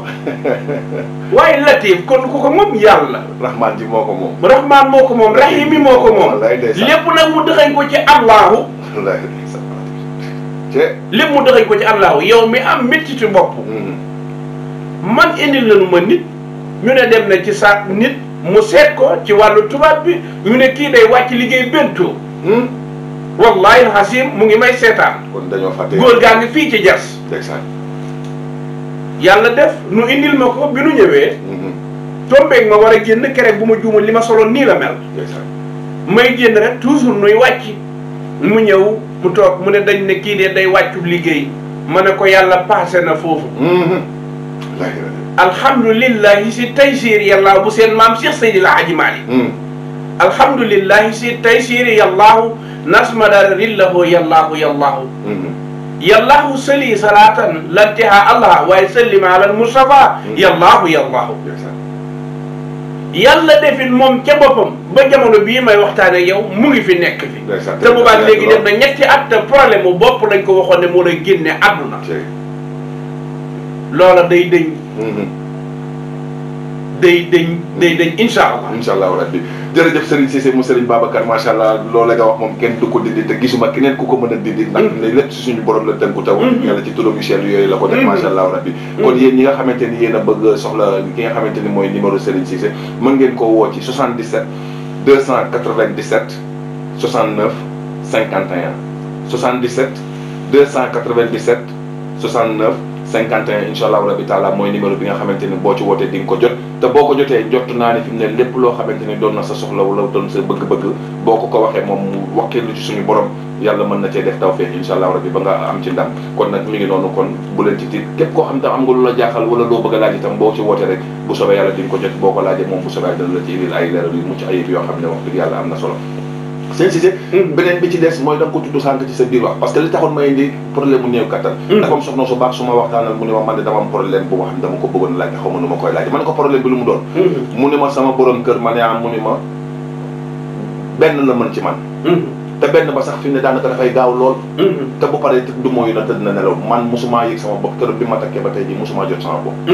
waaye Latif kon ku ko moom yàlla rahmaan ji moo ko moom rahmaan moo ko moom rahim moo ko moom lépp nag mu dëxañ ko ci allahu lépp mu dëxañ ko ci allahu yow mi am métti ci bopp mhm. man indil nañu ma nit ñu ne dem na ci sa nit mu seet ko ci wàllu tubaab bi ñu ne kii day wàcc liggéey bentoo hmm? wallahi alxasim mu ngi may seetaan. kon dañoo fàtte góor gaa ngi fii ci jas. yàlla def nu indil ma ko bi nu ñëwee. Mhm. tombeeg ma war a génn keroog bu ma juumal li ma soloon nii la mel. may génn rek toujours nuy wàcc. mu ñëw mu toog mu ne dañ ne kii dee day wàccu liggéey. ma ne ko yàlla paase na foofu. Mhm. alhamdulilah si tey siir yàlla bu seen maam Cheikh Seydil la Malick mhm. alhamdulillahi si taysiri yallahu nasmada rillahu yallahu yallahu yallahu sali salatan lantiha allah waaye sallim ala almustafa yallahu yallahu yàlla defit moom ca boppam ba jamono bii may waxtaane yow mu ngi fi nekk fi te boobaa léegi def na ñetti at te problème bu bopp lañ ko waxoon ne moo lay génne àdduna loola day dëñ mm-hmm. day dëñ day dëñ incha allah incha allah rabbi jërëjëf Serigne Cissé mu Serigne Babacar macha allah loolu la nga wax moom kenn du ko dindi te gisuma keneen ku ko mën a dindi ndax mm. lépp si suñu borom la tënku taw mm-hmm. yàlla ci turam Michel yooyu la ko def mm-hmm. macha allah rabbi mm-hmm. kon yéen ñi nga xamante ni yéen a bëgg soxla ki nga xamante ni mooy numéro Serigne Cissé mën ngeen koo woo ci 77 297 69 51 77 297 69 51 incha allahu rabi taala mooy numéro bi nga xamante ni boo ci wootee di ko jot te boo ko jotee jot naa ne fi ne lépp loo xamante ni doon na sa soxla wala doon sa bëgg-bëgg boo ko ko waxee moom mu wakkeelu ci suñu borom yàlla mën na cee def tawfeex incha allahu rabi ba nga am ci ndam kon nag mi ngi noonu kon bu leen ci képp koo xam tam am nga lu la jaaxal wala loo bëgg a laaj itam boo ci wootee rek bu soobee yàlla di nga ko jot boo ko laajee yoo xam ne wax dëgg yàlla am na solo seen Cissé hmm, beneen bi ci des mooy da nga ko tudd sànq ci sa biir wax parce que li taxoon may indi problème mu néew kattan hmm. dafa am soxna su baax su ma waxtaanal mu mu ne ma benn la mën ci man hmm. te benn ba sax fi ne daanaka dafay gaaw lool te bu paree du mooyu na tëdd na nelaw man mosumaa yëg sama bopp kër bi ma takkee ba tey ji mosumaa jot sama bopp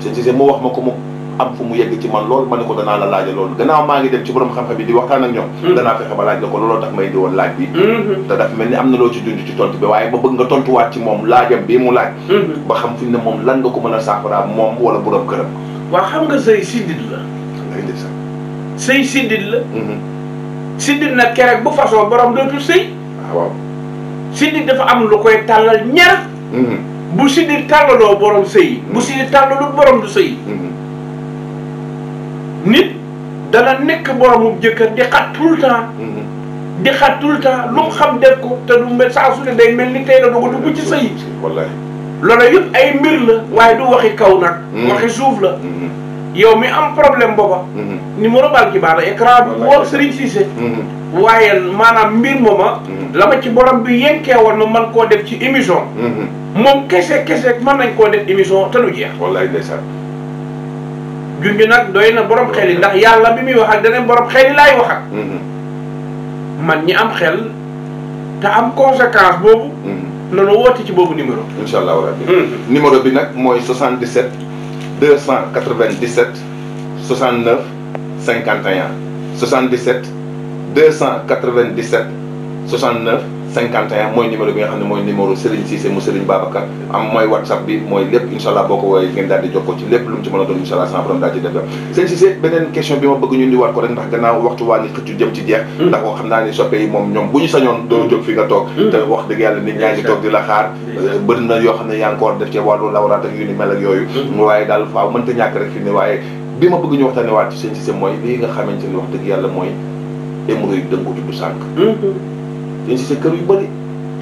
seen Cissé mu wax ma ko mu am fu mu yegg ci man lool ma ne ko danaa la laaja loolu gannaaw maa ngi dem ci borom xam-xam yi di waxtaan ak ñoom hmm. danaa fexe ba laaj la ko looloo tax may di laaj bi hmm. te dafa mel ni am na loo ci dund ci tontu bi waaye ba bëgg nga tontuwaat ci moom laajam bii mu laaj hmm. ba xam fi ne moom lan nga ko mën a saafara moom wala borom këram waaw xam nga sëy sindit la sëy sindit la sindit nag kerek bu façon borom dootul sëy ah, waaw sindit dafa am lu koy tàllal ñaar bu sindit tàllaloo sëy bu sindit tàllalu borom nit dana nekk boromum jëkkër di xat tout le temps. Mhm. di xat tout temps lu mu xam def ko te du mel saa su ne day mel ni tey la doog a dugg ci sëy. wallaay loolu yëpp ay mbir la. waaye du waxi kaw nag. Mhm. waxi suuf la. Mhm. yow mi am problème booba. numéro bal ki baax na écran bi woo Serigne waaye maanaam mbir mooma. la ma ci borom bi yenkee woon ma man koo def ci émission. moom kese kese mën nañ koo def émission te lu jeex. wallaay ndeysaan. junj nag doy na borom xel yi ndax yàlla bi muy wax ak daneen borom xel yi laay wax ak mhm. man ñi am xel te am conséquence boobu mhm. nanu woote ci boobu numéro incha allah rabbi mhm. numéro bi nag mooy 77 297 69 51 77 297 69 51 mooy numéro bi nga xam ne mooy numéro Serigne Cissé mu Serigne Babacar am mooy whatsapp bi mooy lépp incha boo ko woowee ngeen daal di jokkoo ci lépp lu mu ci mën a doon incha allah sama borom daal hmm. nga toog hmm. euh, ni mel hmm. wax dëgg yàlla mooy émero yu dëngu tudd yéen si sa kër yu bëri.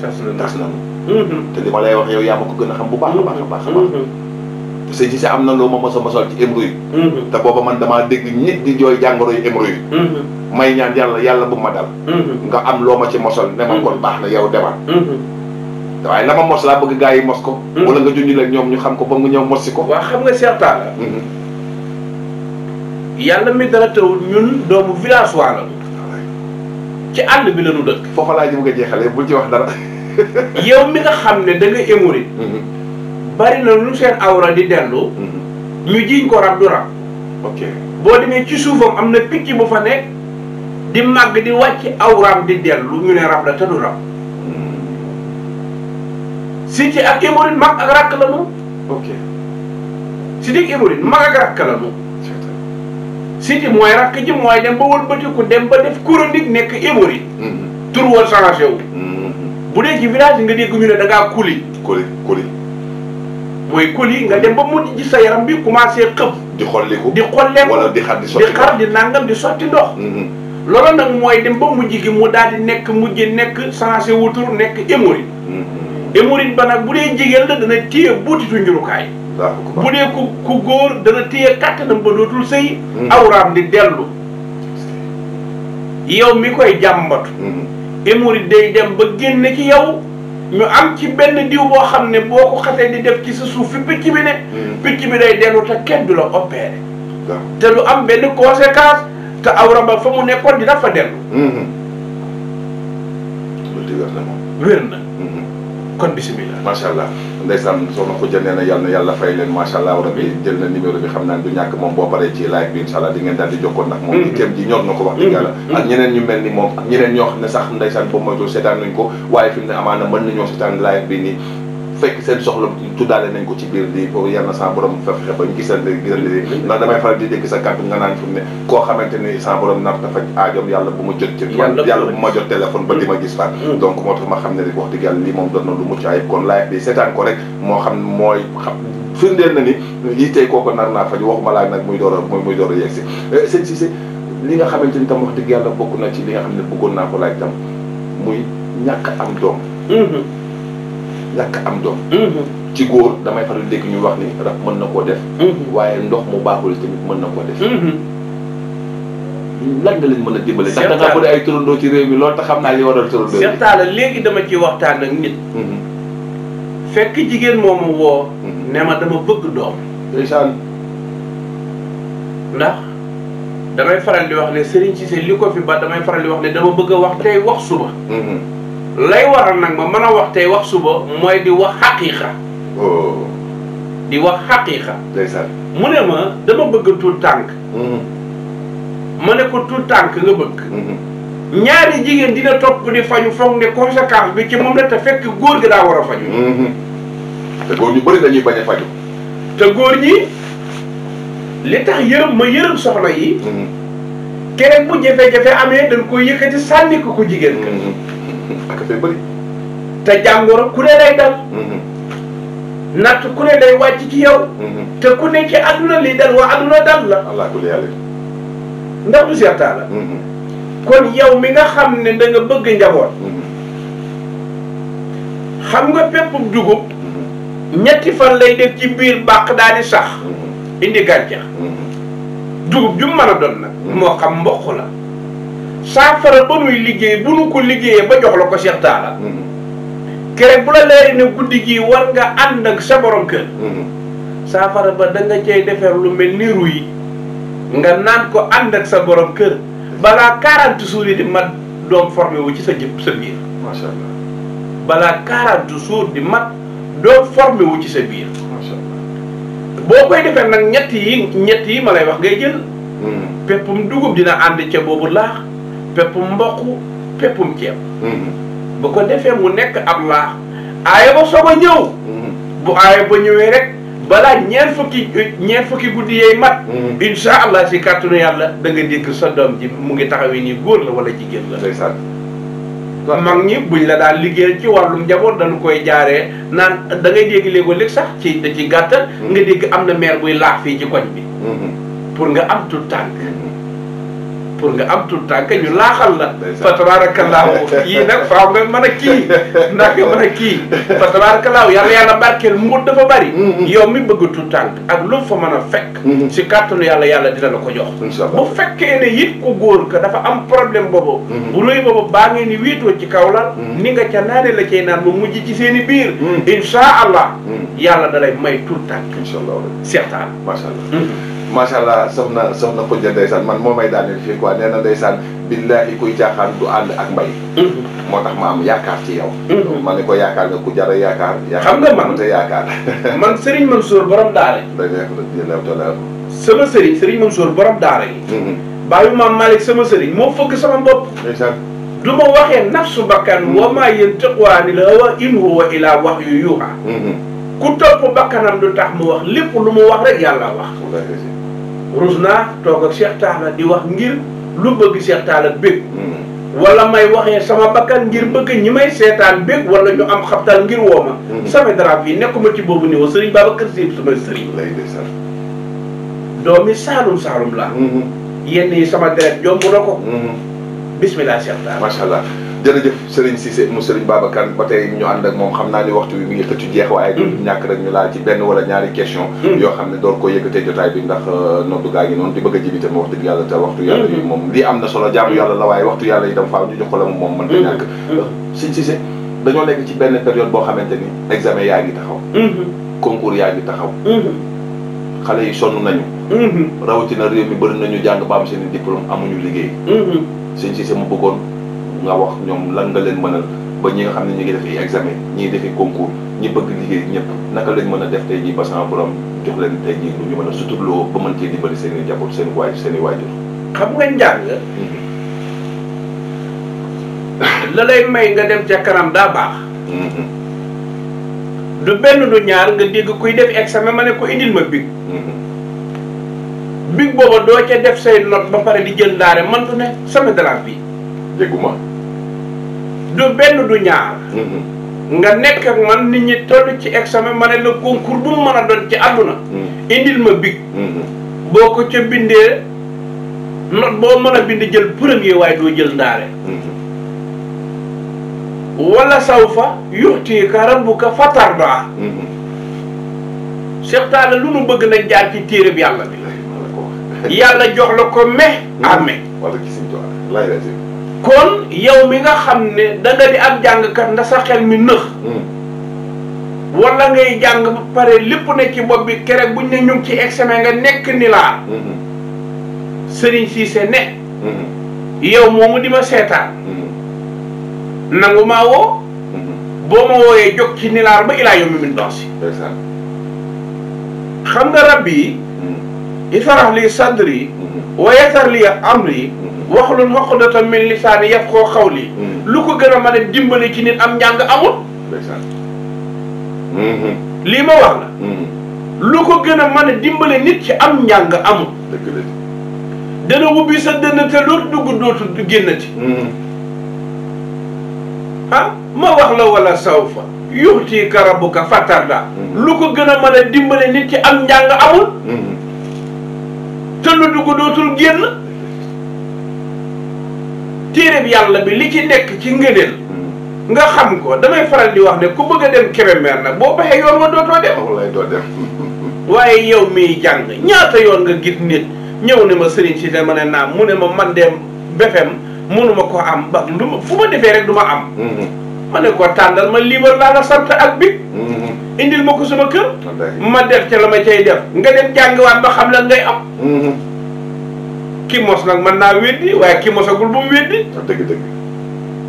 tas nañu tas mm-hmm. te li ma lay wax yow yaa ma ko gën a xam bu baax a baax a baax a baax. Mm-hmm. te sëñ am na loo ma mos a mosal ci émru yi. Mm-hmm. te booba man damaa dégg nit di jooy jàngoro yu émru yi. may ñaan yàlla yàlla bu ma dal. nga am loo ma ci mosal ne ma kon baax na yow demal. waaye la ma mos laa bëgg gaa yi mos ko. wala nga junj leen ñoom ñu xam ko ba mu ñëw si ko. waaw xam nga seetaan la. yàlla mi dara teewul ñun doomu village waalo ci àll bi lanu dëkk. foofa laa jëm nga jeexalee bul ci wax dara. yow mi nga xam ne da nga émori. Mhm. bari na lu seen awra di dellu. Mhm. ñu jiiñ ko rab du rab. ok boo demee ci suufam am na picc bu fa nekk di màgg di wàcc awraam di dellu ñu ne rab la te du rab. Mhm. si ci ak émori mag ak rakk la moom. ok si dig émori mag ak rakk la moom. siti mooy rakk ji mooy dem ba wëlbatiku dem ba def chronique nekk émori mm-hmm. tur wa changé wu mm-hmm. bu dee ci village nga dégg ñu ne da ngaa kuli kuli kuli mooy kuli nga dem ba mu gis sa yaram bi commencé xëpp di xolliku di xolleeku wala di xar di sotti di xar di nangam di sotti ndox mm-hmm. loolu nag mooy dem ba mujj gi mu daal di nekk mujj nekk changé wu tur nekk émori émori ba nag bu dee jigéen la dana téye buutitu njurukaay bu dee ku ku góor dana téye kàttanam ba dootul sëy hmm. awraam di dellu yow mi koy jàmbatu émori hmm. e day dem ba génn ci yow ñu am ci benn diw boo xam ne boo ko xasee ni def ci sa suuf fi picc bi ne hmm. picc bi day dellu te kenn du la opéré te du am benn conséquence te awra fa mu nekkoon di fa dellu wér na kon bisimilah macha allah ndeysaan soxna Khoudia nee na yàlla na yàlla fay leen macha allah rabbi jël na numéro bi xam naa du ñàkk moom boo paree ci live bi incha allah di daal di jokkoon ndax moom mm-hmm. itteem ji ñor na ko wax dëgg yàlla mm-hmm. ak ñeneen ñu mel ni moom ak ñeneen ñoo xam ne sax ndeysaan boobu moytu seetaan nañ ko waaye fi mu ne amaana mën nañoo seetaan live bi nii fekk seen soxla tuddaale nañ ko ci biir di pour yàlla sa borom fexe bañ gisante gisante ndax damay faral di dégg sa kàddu nga naan fi ne koo xamante ni sa borom dafa aajoom yàlla bu ma jot ci yàlla bu ma jot téléphone ba di ma gis fa mm. Mm. donc moo tax ma xam ne na lu mucc ayib kon live ni a muy a yegg si eh, sëñ Cissé li nga xamante ni tam wax dëgg yàlla bokk na ci li nga xam ne bëggoon naa ko laaj tam muy ñàkk am doom mm-hmm. ñàkk am doom. Mhm. ci góor damay faral dégg ñu wax ni rab mën na koo def. Mhm. waaye ndox mu baaxul tamit mën na koo def. Mhm. lan nga leen mën a dimbale. ndax da nga bëri ay réew mi loolu te xam naa li waral turandoo yi. seetaala léegi dama ciy waxtaan ak nit. fekk jigéen moomu woo. ne ma dama bëgg doom. ndeysaan. ndax damay faral di wax ne ci Cissé li ko fi ba damay faral di wax ne dama bëgg a wax tey wax suba. lay waral nag ma mën a wax tey wax suba mooy di wax xaqiiqa oh. di wax xaqiiqa mu ne ma dama bëgg tuut tànk mm-hmm. ma ne ko tuut tànk nga bëgg mm-hmm. ñaari jigéen dina topp di faju foog ne conséquence bi ci moom la te fekk góor gi daa war a faju mm-hmm. te góor ñu bëri dañuy bañ faju te góor ñi li tax yërëm ma yërëm soxna yi keneen bu jafe-jafe amee dañ koy yëkkati sànni ko ko jigéen ak te jàngoro ku ne day dal. Mm-hmm. natt ku ne day wàcc ci yow. Mm-hmm. te ku ne ci àdduna lii dal waa àdduna dal la. ndax du seet mm-hmm. kon yow mi nga xam ne da bëgg njaboot. xam nga pepp dugub. ñetti fan lay def ci biir bàq daal sax. indi gàncax. dugub ju mu mën a doon nag. moo xam mboq la. saafara ba nuy liggéey bu nu ko liggéeyee ba jox la ko Cheikh Talla bu la leeri ne guddi gii war nga ànd ak sa borom kër mm-hmm. saafara ba da nga cay defar lu mel ni ruy nga naan ko ànd ak sa borom kër balaa 40 jours yi di mat doom formé wu ci sa jëpp sa biir macha allah balaa ci sa biir macha allah boo koy defar nag ñett yi yi ma lay wax ngay jël mm-hmm. péppum dugub dina ànd ca boobu laax peppum mboqu peppum ceeb mhm. bu ko defee mu nekk ab laax aaya ba soog a ñëw mhm. bu aaya ba ñëwee rek balaa ñeent fukki ñeen fukki guddi yey mat mhm. insha allah si kàttanu yàlla da nga dégg sa doom ji mu ngi taxawee nii góor la wala jigéen la ndeysaan mag ñi buñ la daan liggéeyal ci wàllum njaboot dañu koy jaaree naan da ngay dégg léegoo léeg sax ci da ci gàttal nga dégg am na meer buy laax fii ci koñ bi pour nga am tu tànk pour nga am tout tànk ñu laaxal la fa tabaarakallaahu yii nag faaw nga mën a kii ndax nga mën a kii fa tabaarakallaahu yàlla yàlla barkeel mbuut dafa bari mm-hmm. yow mi bëgg tout ak lu fa man a fekk mm-hmm. si kàttanu yàlla yàlla dina la ko jox bu fekkee ne it ku góor ka dafa am problème boobu mm-hmm. bu rëy boobu baa ngeen ni wéetoo ci kaw la ni nga ca naane la cay naan ba mujj ci seen i biir incha allah yàlla dalay may tout tànk seetaan macha allah soxna soxna xujja ndeysaan man moo may daaneel fii quoi nee na ndeysaan billaahi kuy caaxaan du ànd ak mbay mm-hmm. moo tax ma am yaakaar ci yow mm-hmm. ma ne ko yaakaar nga ku ja yaakaar xam nga man seriñ yaakaar man Serigne Mansour borom daare dañeex tola sama Serigne Serigne Mansour borom daare yi mm-hmm. bàyyi maam Malick sama Serigne moo fëgg sama bopp du ma waxee nafsu bakkan wa maa yantiqu la wa in huwa illaa wahyun yuuhaa ku topp bakkanam du tax ma wax lépp lu mu wax rek yàlla wax rus naa toog ak Cheikh Talla di wax ngir lu bëgg Cheikh Talla bëgg hmm. wala may waxee sama bakkan ngir bëgg ñi may seetaan bëgg wala ñu am xabtal ngir woo ma hmm. sama drap yi nekkuma ci boobu niveau sëriñ Babacar Sy sumay sëriñ doomi saalum saalum la hmm. yenn yi sama deret jomb ko bismillah Cheikh Talla macha allah jërëjëf Serigne Cissé mu Serigne Babacar ba tey ñu ànd ak moom xam naa ni waxtu bi mi ngi xëcc jeex waaye du mm. ñàkk rek ñu laal ci benn wala ñaari question mm. yoo xam ne door koo yëkkatee jotaay bi ndax euh, noddu gaa ngi noonu di bëgg a jibi tam wax yàlla te waxtu yàlla yi mm-hmm. moom lii am na solo jaamu yàlla la waaye waxtu yàlla yi dam faaw ñu jox la moom mën ta mm-hmm. ñàkk mm-hmm. Euh, Serigne Cissé dañoo nekk ci benn période boo xamante ni examen yaa ngi taxaw concours yaa ngi taxaw xale yi sonn nañu rawatina réew mi bëri nañu jàng ba am seen diplôme amuñu liggéey Serigne Cissé mu bëggoon nga wax ñoom lan nga leen mënal ba ñu nga xam ne ñu ngi def ay examen ñi ngi defi concours ñi bëgg liggéey ñëpp naka lañ mën a def tey jii ba sama borom jox leen tey jii lu ñu mën a suturloo ba mën ci dimbali seen i njaboot seen waay seen i waajur xam nga njàng mhm. la lay may nga dem ca kanam daa baax mhm. du benn du ñaar nga dégg kuy def examen ma ne ko indil ma big mhm. big booba doo ca def say note ba pare di jël ndaare man du ne sama dalaat bi dégguma du benn du ñaar. Mm-hmm. nga nekk ak man nit ñi toll ci examen ma ne la concours bu mu mën a doon ci àdduna. Mm-hmm. indil ma big. Mm-hmm. boo ko ca bindee not boo mën a bind jël premier waaye doo jël ndaare. wala sawfa yuxtiika rabbuka fatardaa. Cheikh Talla lu nu bëgg nañ jaar ci téereb yàlla bi. yàlla jox la ko me. amee kon yow mi nga xam ne da nga di ab jàngkat nda sa xel mi nëx hmm. wala ngay jàng ba pare lépp ne ci bopp bi kere buñ ne ñu ci examen nga nekk ni laa hmm. sëriñ ne hmm. yow moomu di ma seetaan nangu maa woo boo ma wooyee jóg ci nilaar ba ilaa yombi min si xam nga rabbi yi ifarax li sadri wa yasar li amri waxlul waxdatan min koo xaw xawli lu ko gën a man a dimbali ci nit am njàng amul lii ma wax la hmm. Hmm. lu ko gën a mën a dimbali nit ci am njàng amul dana wubbi sa dënn te dootu dugg dootu génnati hmm. ah ma wax la wala sawfa yuxtiika rabbuka fatarda lu ko gën a mën a dimbali nit ci am njàng amul te lu dugg dootul génn téereb yàlla bi li ci nekk ci ngëneel nga xam ko damay faral di wax ne ku bëgg a dem Kébémer nag boo baxee yoon ma dootoo dem wallaay doo dem waaye yow miy jàng ñaata yoon nga gis nit ñëw ne ma sëriñ si ma ne naan mu ne ma man de befem mënuma ko am ba lu ma fu ma defee rek du ma am mm-hmm. ma ne ko tàndal ma liibar laa sant ak bi mm-hmm. indil ma ko sama kër ma def ca la ma cay def nga dem jàngiwaat ba xam la ngay am mm-hmm. ki mos nag man naa weddi waaye ki mosagul bu mu weddi. Ah, dëgg dëgg.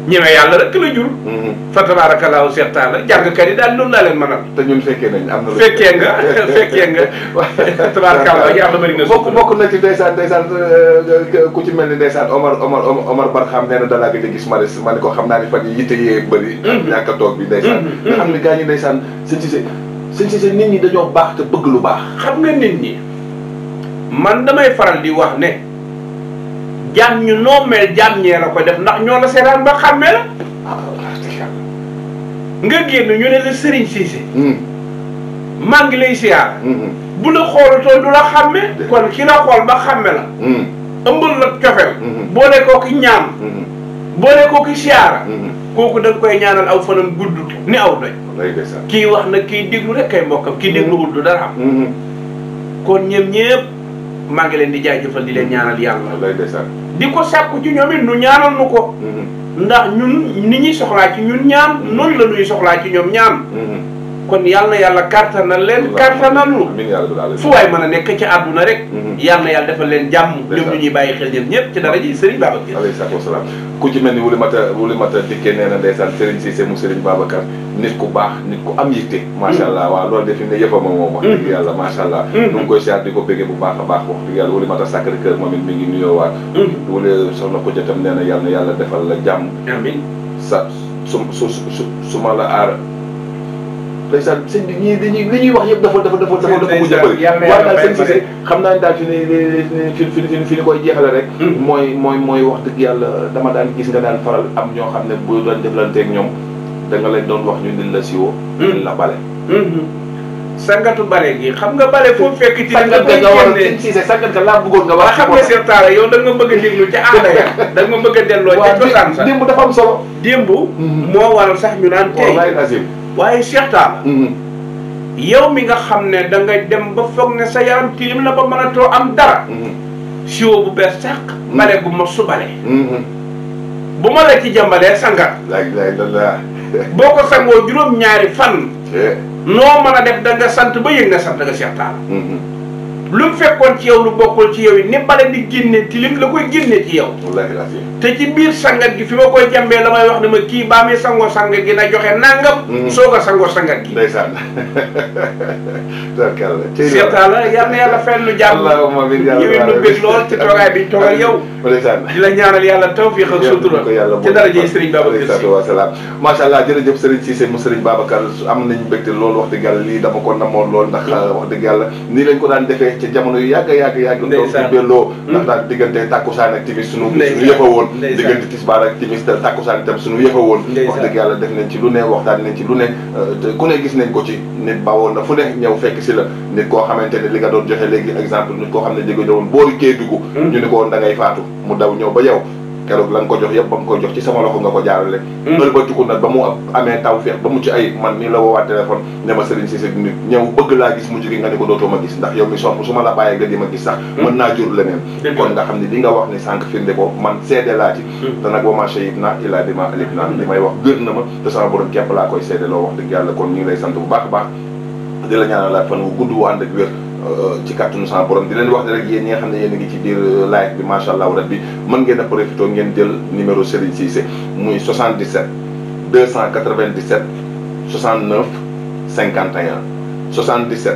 ñeme yàlla rek la jur. Mm-hmm. fa tabaarakallaahu seetaan la jàngkat yi daal loolu laa leen mënal. te ñun fekkee nañ am na. fekkee nga fekkee nga waaye tabaarakallaahu yàlla bëri na. bokk bokk na ci ndeysaan ndeysaan euh, ku ci mel ni ndeysaan Omar Omar Omar Barxam nee na dalaa gëj a gis Maris ma ne ko xam naa ne fan yitte yee bëri. Mm-hmm. ñàkk a toog bi ndeysaan. Mm-hmm. nga xam ne gars ñi ndeysaan sëñ Cissé sëñ Cissé nit ñi dañoo baax te bëgg lu baax. xam nga nit ñi man damay faral di wax ne jaam ñu noo mel jaam ñee la ko def ndax ñoo na seetaan ba xàmmee la nga génn ñu ne la sëriñ Cissé hmm. maa ngi lay siyaar hmm. bu la xoolatoo du la xàmme hmm. kon ki la xool ba xàmme la ëmbal la cofeel boole koo ki ñaam boole ki siyaara kooku da koy ñaanal aw fanam gudd ni aw doy kii wax nag kii déglu rek kay mbokkam kii dégluwul du dara am kon ñoom ñëpp maa ngi leen di jaajëfal di leen ñaanal yàlla. di ko sàkku ci ñoom it nu ñaanal nu ko. Mm-hmm. ndax ñun ni ñuy soxlaa ci ñun ñaan mm-hmm. noonu la ñuy soxlaa ci ñoom ñaan. Mm-hmm. kon yàlla na yàlla kàttanal leen kàttanal lu fu waay mën a nekk ci àdduna rek mhm. yal na defal leen jàmm ñoom ñu ñuy bàyyi xel ñëpp ñëpp ci dara ji Serigne Babacar alayhi salaatu wa salaam na ndeysaan mu mhm. macha allah waaw loolu defi ne yëfama moom wax dëgg mhm. yàlla macha allah nu ngi koy siyaar a ko béggee bu baax a baax wax dëgg yàlla wuli mata Sacré Cœur moom it mi ngi nuyoo waat wuli soxna ko jotam nee na yal na yàlla defal la jàmm amiin sa su su su su ma la aar ndeysaan sëñ bi ñii dañuy li ñuy wax yëpp dafa dafa dafa dafa dafa mujj a bëri waaye daal sëñ Cissé xam naa ne daal fi ni fi fi fi fi ni koy jeexale rek hmm. mooy mooy mooy wax dëgg yàlla dama daan gis nga daan faral am ñoo xam ne bu doon jëflanteeg ñoom da nga leen doon wax ñu ni la siwo ñu la bale hmm. Hmm. sangatu bale gi xam nga bale foofu fekk ci sangat nga war Cissé sangat nga laa bëggoon nga wax xam nga Cheikh Talla yow da nga bëgg a déglu ca aada ya da nga bëgg a delloo ca cosaan sax démb dafa am solo démb moo waral sax ñu naan tey waaye Cheikh Tall mm-hmm. yow mi nga xam ne danga dem ba foog ne sa yaram tilim na ba mënatoo am dara mm-hmm. siwo bu bees sàq bale mm-hmm. bu ma subale bu ma la ci jàmbalee boo ko sangoo juróom-ñaari fan eh. noo mën a def da sant ba yëg ne sant nga Cheikh Tall lu fekkoon ci yow lu bokkul ci yow yi ni bale di génne tilim la koy génne ci yow. te ci biir sangat gi fi ma koy jàmbee la may wax ne ma kii baa muy sangoo sangat gi na joxe nangam. Mm. soog a sangoo sangat gi. ndeysaan seetaan la yal na yàlla fenn lu jàmm. allahumma bi yàlla yëwee nu bëgg lool ci toogaay bi toogal yow. ndeysaan di la ñaanal yàlla tawfiix ak sutura ci dara jëy Serigne Babacar Sy wa salaam macha allah jërëjëf Serigne Cissé mu Serigne Babacar am nañu mbégte loolu wax dëgg yàlla lii dama ko namoon loolu ndax wax dëgg yàlla nii lañ ko daan defee ci jamono yu yàgg yàgg yàgg doon belloo hmm. ndax daal diggante tàkkusaan ak timis sunu suñu yëfa woon diggante tisbaar ak timis tàkkusaan suñu yëfa wax dëgg yàlla def nañ ci lu ne waxtaan nañ ci lu ne euh, te ku ne gis nañ ko ci nit bawoon na fu ne ñëw fekk si la nit koo xamante ne li nga doon joxe léegi exemple nit koo xam ne jóge woon boori Kédougou hmm. ñu ni ko woon da ngay faatu mu daw ñëw ba yow keroog la ko jox yëpp ba mu koy jox ci sama loxo nga ko jaarale. loolu ba tukul nag ba mu amee taw feex ba mu ci ay man nii la woowaat téléphone nga ne ko dootoo a gis ndax yow mi sopp su la bàyyee nga di ma gis sax hmm. mën naa jur leneen kon nga xam ne li nga wax ni sànq firnde boobu man seede laa ci hmm. te nag wa maa shahidnaa illaa bimaa alimnaa li may wax gën na ma te sama borom képp laa koy seede loo wax dëgg yàlla kon ñu lay sant bu baax a baax di la ñaanal la fan ak wér Euh, ci kàttanu sama borom di leen wax ne rek yéen xam ne yéen ngi ci biir euh, live bi macha allah bi mën ngeen a profité ngeen jël numéro Serigne Cissé muy 77 297 69 51 77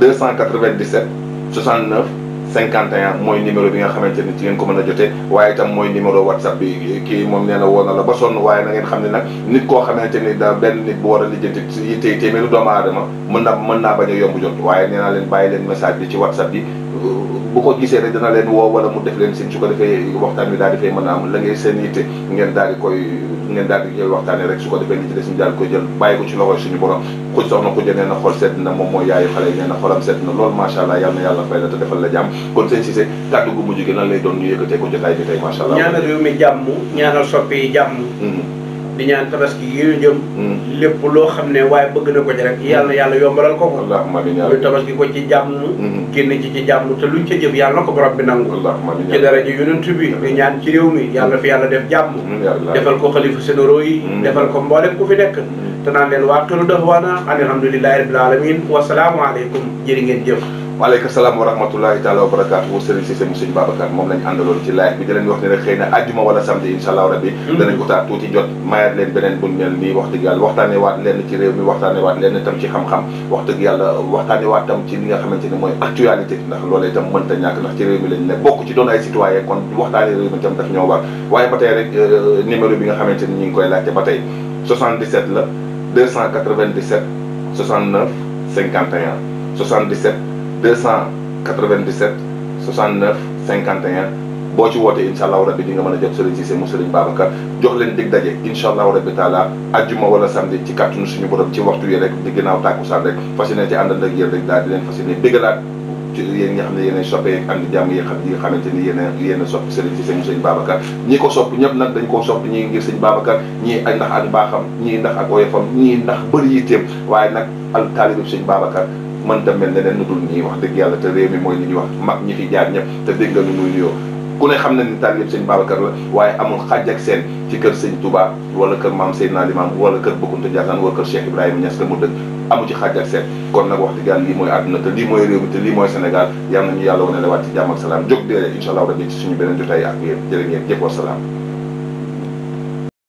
297 69. cinquante 51 mooy numéro bi nga xamante ni ci ngeen ko mën a jotee waaye itam mooy numéro whatsapp bi kii moom nee na woo na la ba sonn waaye na ngeen xam ne nag nit koo xamante ni da benn nit bu war a lijjanti yi tey téeméeru doomu aadama mën na mën naa bañ a yomb jot waaye nee naa leen bàyyi leen message bi ci whatsapp bi bu ko gisee rek dana leen woo wala mu def leen sin su ko defee waxtaan wi daal di fay a am la ngay seen yitte ngeen daal di koy ngeen daal di koy waxtaanee rek su ko defee li ci des ñu daal di koy jël bàyyi ko ci loxo suñu borom ku soxna ku jël xol sedd na moom mooy yaayu xale yi xolam sedd na loolu macha allah yàlla fay la te defal la jàmm kon seen Cissé kàddu gu mujj gi lan lay doon ñu yëkkatee ko jotaay bi tey macha allah ñaanal di ñaan tabaski gi ñu jëm. Mm. lépp loo xam ne waaye bëgg na ko ci rek yàlla na yàlla yombalal ko ko. allahumma ñu tabaski ko ci jàmm. Mm-hmm. génn ci ci jàmm te luñ ci jëm yàlla na ko borom bi nangu. ci dara ji yonent bi di ñaan ci réew mi yàlla fi yàlla def jàmm. Mm-hmm, defal ko xalifa sénéro yi. Mm-hmm. defal ko mboolem ku fi nekk. te naan leen waa dahwaana alhamdulillahi rabbil alamin wa salaamu aleykum jërë ngeen jëf. maaleykum salaam wa rahmatulahi taala wa barakaatu Serigne Cissé mu Serigne Babacar moom lañ àndaloon ci live bi di leen wax ne rek xëy na àjjuma wala samedi incha rabbi hmm. danañ wax dëgg yàlla waxtaane waat leen ci réew mi waxtaane waat leen tam ci xam-xam wax dëgg yàlla waxtaane waat tam ci li nga xamante ni mooy actualité ndax loolee itam mënta ñàkk ndax ci réew mi lañ ne bokk ci doon ay citoyen kon waxtaane réew mi tam daf ñoo war waaye ba 297 69 51 boo ci wootee incha allahu rabi di nga mën a jot Serigne Cissé mu Serigne Babacar jox leen dig daje incha allahu rabi taala ajjuma wala samedi ci kàttanu suñu borom ci waxtu yi rek di ginnaaw tàkkusaan rek fas yéene ci àndal rek daal leen fas yéene dégalaat ci yéen ñi nga xam ne yéen ni yéen a yéen a sopp Serigne Cissé mu Serigne Babacar ko sopp ñëpp nag dañ koo sopp ñii ngir Serigne Babacar ñii ay ndax ak baaxam ñii ndax ak oyofam ñii ndax bëri yitteem waaye nag al mënta mel neneen nu dul ñii wax dëgg yàlla te réew mi mooy li ñuy wax mag ñi fi jaar ñëpp te dégg nga nu muy nuyoo ku ne xam na ni taal yëpp sëñ Babacar la waaye amul xàjj ak seen ci kër sëñ Touba wala kër maam Seydina Limam wala kër Bokkunta Ndiassane wala kër Cheikh Ibrahima Niass ka mu dëkk amu ci xàjj seen kon nag wax dëgg yàlla lii mooy àdduna te lii mooy réew mi te lii mooy Sénégal yal nañu yàlla wane la waat ci jàmm salaam jóg déedéet incha suñu beneen jotaay ak yéen